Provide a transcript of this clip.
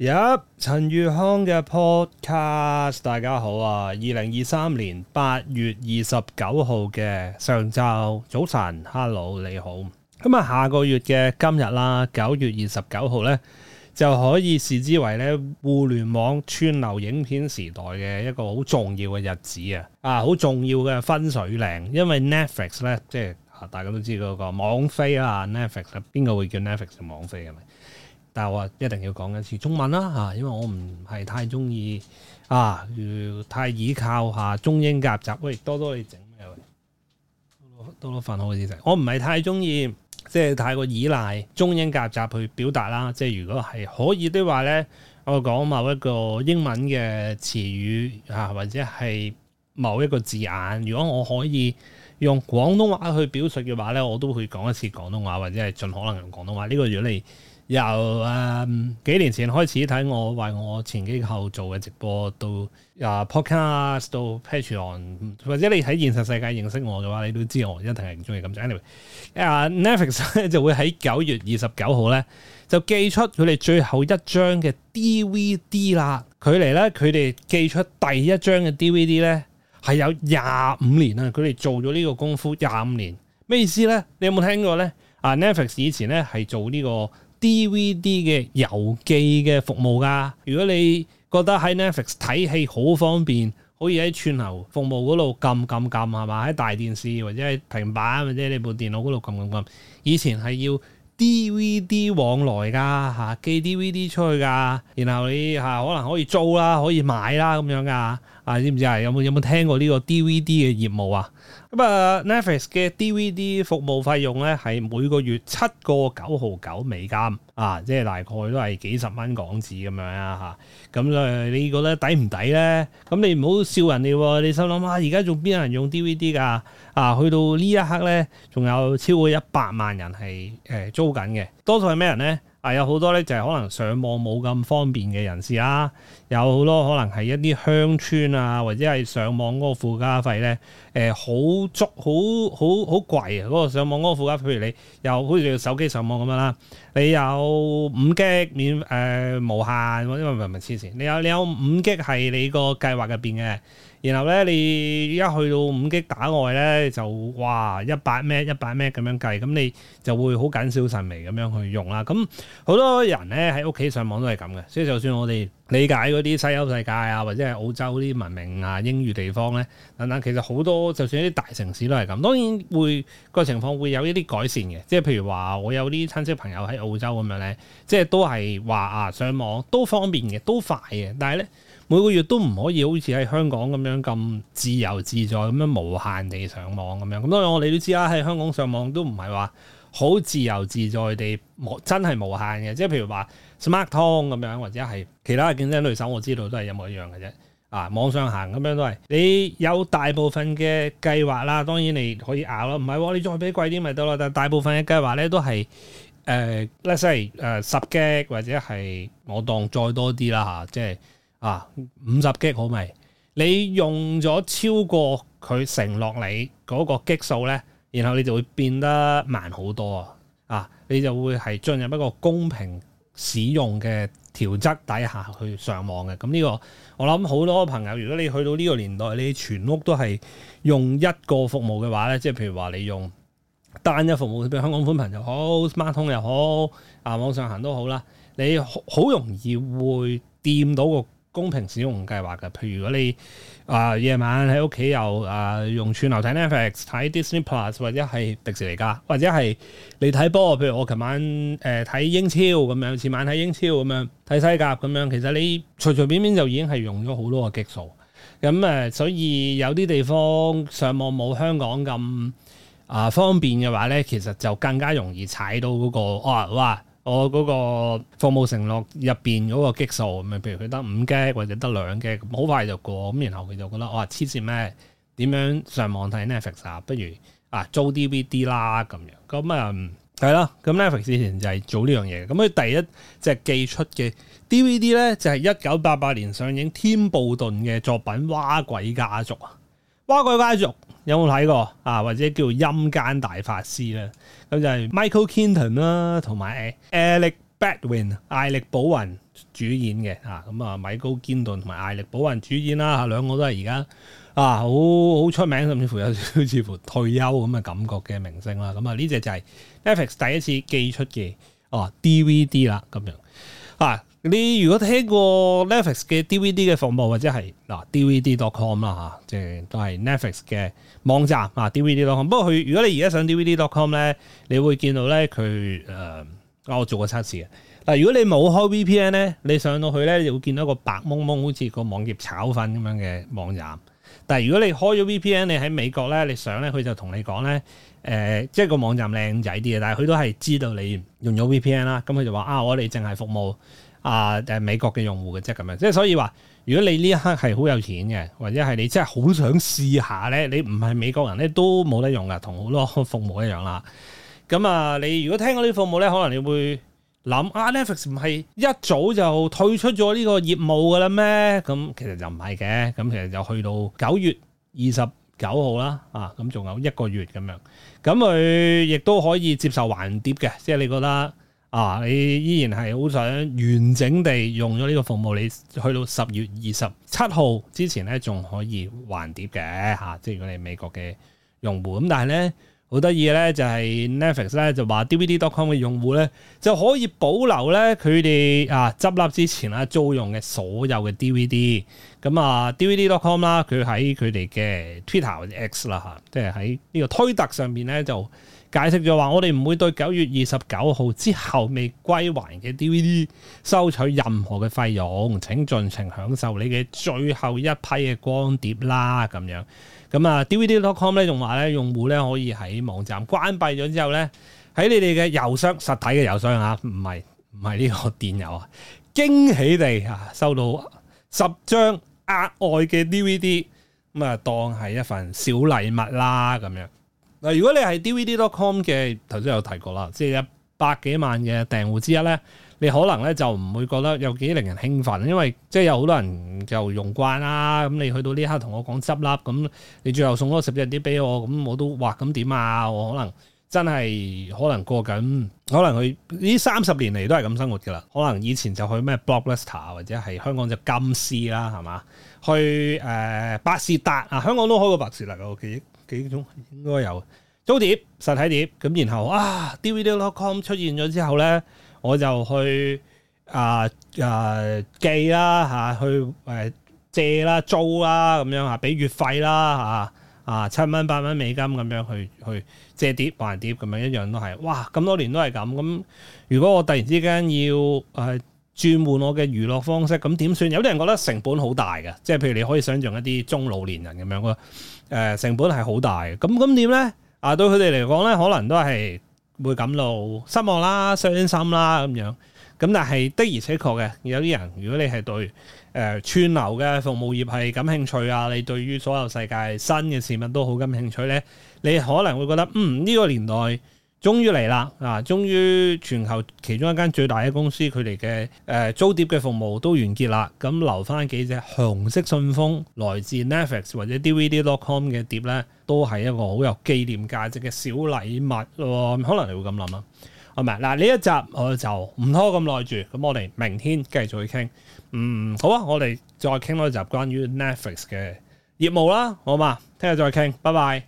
入陳如康嘅 podcast，大家好啊！二零二三年八月二十九號嘅上晝早晨，Hello，你好。咁啊，下個月嘅今日啦，九月二十九號呢，就可以視之為呢互聯網串流影片時代嘅一個好重要嘅日子啊！啊，好重要嘅分水嶺，因為 Netflix 呢，即係大家都知道個網飛啊，Netflix 邊個會叫 Netflix 網飛啊？但係我一定要講一次中文啦嚇、啊，因為我唔係太中意啊，太依靠下中英夾雜。喂，多多你整咩？喂，多多多份好嘅嘢食。我唔係太中意，即係太過依賴中英夾雜去表達啦。即係如果係可以的話咧，我講某一個英文嘅詞語啊，或者係某一個字眼，如果我可以用廣東話去表述嘅話咧，我都會講一次廣東話，或者係盡可能用廣東話。呢、這個如果你由誒幾年前開始睇我為我前幾後做嘅直播到啊 podcast 到 Patreon 或者你喺現實世界認識我嘅話，你都知我一定係唔中意咁。就 anyway 啊 Netflix 咧就會喺九月二十九號咧就寄出佢哋最後一張嘅 DVD 啦。距離咧佢哋寄出第一張嘅 DVD 咧係有廿五年啦。佢哋做咗呢個功夫廿五年，咩意思咧？你有冇聽過咧？啊 Netflix 以前咧係做呢、呢個。DVD 嘅郵寄嘅服務噶，如果你覺得喺 Netflix 睇戲好方便，可以喺串流服務嗰度撳撳撳係嘛，喺大電視或者係平板或者你部電腦嗰度撳撳撳。以前係要 DVD 往來噶吓、啊，寄 DVD 出去噶，然後你吓、啊、可能可以租啦，可以買啦咁樣噶。啊知唔知啊？有冇有冇聽過呢個 DVD 嘅業務啊？咁啊 Netflix 嘅 DVD 服務費用咧係每個月七個九毫九美金啊，即係大概都係幾十蚊港紙咁樣啊嚇。咁啊，你覺得抵唔抵咧？咁你唔好笑人哋、哦、喎，你心諗啊，而家仲邊有人用 DVD 噶？啊，去到呢一刻咧，仲有超過一百萬人係誒租緊嘅，多數係咩人咧？啊，有好多咧，就係可能上網冇咁方便嘅人士啦，有好多可能係一啲鄉村啊，或者係上網嗰個附加費咧，誒、呃、好足，好好好貴啊！嗰、嗰個上網嗰個附加費，譬如你又好似用手機上網咁樣啦，你有五 G 免誒無限，因為唔係黐線，你有你有五 G 係你個計劃入邊嘅。然後咧，你一去到五 G 打外咧，就哇一百咩？一百咩？b 咁樣計，咁你就會好謹小慎微咁樣去用啦。咁、嗯、好多人咧喺屋企上網都係咁嘅，所以就算我哋理解嗰啲西歐世界啊，或者係澳洲啲文明啊、英語地方咧等等，其實好多就算一啲大城市都係咁。當然會個情況會有一啲改善嘅，即係譬如話我有啲親戚朋友喺澳洲咁樣咧，即係都係話啊上網都方便嘅，都快嘅，但係咧，每個月都唔可以好似喺香港咁樣咁自由自在咁樣無限地上網咁樣，咁當然我哋都知啦，喺香港上網都唔係話好自由自在地真係無限嘅，即係譬如話 smart 通咁樣，或者係其他嘅競爭對手，我知道都係一模一樣嘅啫。啊，網上行咁樣都係你有大部分嘅計劃啦，當然你可以咬咯，唔係、哦、你再俾貴啲咪得咯，但大部分嘅計劃咧都係誒、呃、let's say 誒、呃、十 G 或者係我當再多啲啦嚇，即係。啊，五十 G 好未？你用咗超過佢承諾你嗰個 G 數咧，然後你就會變得慢好多啊！啊，你就會係進入一個公平使用嘅條款底下去上網嘅。咁、嗯、呢、這個我諗好多朋友，如果你去到呢個年代，你全屋都係用一個服務嘅話咧，即係譬如話你用單一服務，譬如香港寬頻又好，SmarTone 又好，啊網上行都好啦，你好容易會掂到個。公平使用計劃嘅，譬如如果你啊夜、呃、晚喺屋企又啊用串流睇 Netflix 睇 Disney Plus 或者係迪士尼家，或者係你睇波，譬如我琴晚誒睇、呃、英超咁樣，前晚睇英超咁樣睇西甲咁樣，其實你隨隨便便，便，便就已經係用咗好多個激數咁誒、嗯，所以有啲地方上網冇香港咁啊、呃、方便嘅話咧，其實就更加容易踩到嗰、嗰個、哦、哇～我嗰個服務承諾入邊嗰個激數，咁啊，譬如佢得五 G 或者得兩 G，咁好快就過，咁然後佢就覺得我話黐線咩？點樣上網睇 Netflix 啊？不如啊租 DVD 啦咁樣，咁啊係啦，咁 Netflix 之前就係做呢樣嘢嘅，咁佢第一隻寄出嘅 DVD 咧，就係一九八八年上映添布頓嘅作品《嘩鬼家族》啊。《花鬼家族》有冇睇過啊？或者叫《陰間大法師》咧，咁就係 Michael Keaton 啦，同埋 Alec Baldwin 艾力保雲主演嘅啊。咁啊，米高堅頓同埋艾力保雲主演啦，兩個都係而家啊，好好出名，甚至乎有少少似乎退休咁嘅感覺嘅明星啦。咁啊，呢隻就係 Netflix 第一次寄出嘅哦、啊、DVD 啦，咁樣啊。你如果聽過 Netflix 嘅 DVD 嘅服務，或者係嗱 DVD.com 啦嚇，即係都係 Netflix 嘅網站啊 DVD.com。不過佢如果你而家上 DVD.com 咧，你會見到咧佢，誒，我做過測試嘅。嗱，如果你冇開 VPN 咧，你上到去咧就會見到一個白蒙蒙，好似個網頁炒粉咁樣嘅網站。但係如果你開咗 VPN，你喺美國咧，你上咧佢就同你講咧，誒，即係個網站靚仔啲嘅，但係佢都係知道你用咗 VPN 啦，咁佢就話啊，我哋淨係服務。啊！誒、就是，美國嘅用戶嘅啫咁樣，即係所以話，如果你呢一刻係好有錢嘅，或者係你真係好想試下咧，你唔係美國人咧都冇得用噶，同好多服務一樣啦。咁啊，你如果聽過啲服務咧，可能你會諗啊 Netflix 唔係一早就退出咗呢個業務㗎啦咩？咁其實就唔係嘅，咁其實就去到九月二十九號啦，啊，咁仲有一個月咁樣，咁佢亦都可以接受還碟嘅，即、就、係、是、你覺得？啊！你依然係好想完整地用咗呢個服務，你去到十月二十七號之前咧，仲可以還碟嘅嚇、啊，即係如果你係美國嘅用戶咁、嗯，但係咧。好得意嘅咧，就係、是、Netflix 咧就話 D V D dot com 嘅用戶咧就可以保留咧佢哋啊執笠之前啦租用嘅所有嘅 D V D。咁啊、uh, D V D dot com 啦，佢喺佢哋嘅 Twitter 或者 X 啦嚇，即係喺呢個推特上面咧就解釋咗話我哋唔會對九月二十九號之後未歸還嘅 D V D 收取任何嘅費用。請盡情享受你嘅最後一批嘅光碟啦，咁樣。咁啊、嗯、DVD.com 咧仲話咧，用戶咧可以喺網站關閉咗之後咧，喺你哋嘅郵箱、實體嘅郵箱啊，唔係唔係呢個電郵啊，驚喜地啊收到十張額外嘅 DVD，咁、嗯、啊當係一份小禮物啦咁樣。嗱、嗯，如果你係 DVD.com 嘅，頭先有提過啦，即係一百幾萬嘅訂戶之一咧，你可能咧就唔會覺得有幾令人興奮，因為即係有好多人就用慣啦。咁你去到呢刻同我講執笠，咁你最後送多十隻啲俾我，咁我都話咁點啊？我可能真係可能過緊，可能佢呢三十年嚟都係咁生活㗎啦。可能以前就去咩 Blockbuster 或者係香港隻金獅啦，係嘛？去誒百事達啊，香港都開過百事達嘅，我記憶記憶中應該有。租碟、實體碟咁，然後啊，D V D dot com 出現咗之後咧，我就去啊啊寄啦嚇、啊，去誒、啊、借啦、租啦咁樣啊，俾月費啦嚇，啊七蚊、八、啊、蚊美金咁樣去去借碟、還碟，咁樣一樣都係哇，咁多年都係咁。咁如果我突然之間要誒轉換我嘅娛樂方式，咁點算？有啲人覺得成本好大嘅，即係譬如你可以想象一啲中老年人咁樣咯、呃，成本係好大嘅。咁咁點咧？啊，對佢哋嚟講咧，可能都係會感到失望啦、傷心啦咁樣。咁但係的而且確嘅，有啲人如果你係對誒串流嘅服務業係感興趣啊，你對於所有世界新嘅事物都好感興趣咧，你可能會覺得嗯呢個年代。終於嚟啦！嗱，終於全球其中一間最大嘅公司，佢哋嘅誒租碟嘅服務都完結啦。咁、嗯、留翻幾隻紅色信封，來自 Netflix 或者 DVD.com 嘅碟咧，都係一個好有紀念價值嘅小禮物喎、呃。可能你會咁諗啊？係咪？嗱，呢一集我就唔拖咁耐住，咁我哋明天繼續去傾。嗯，好啊，我哋再傾多一集關於 Netflix 嘅業務啦。好嘛，聽日再傾，拜拜。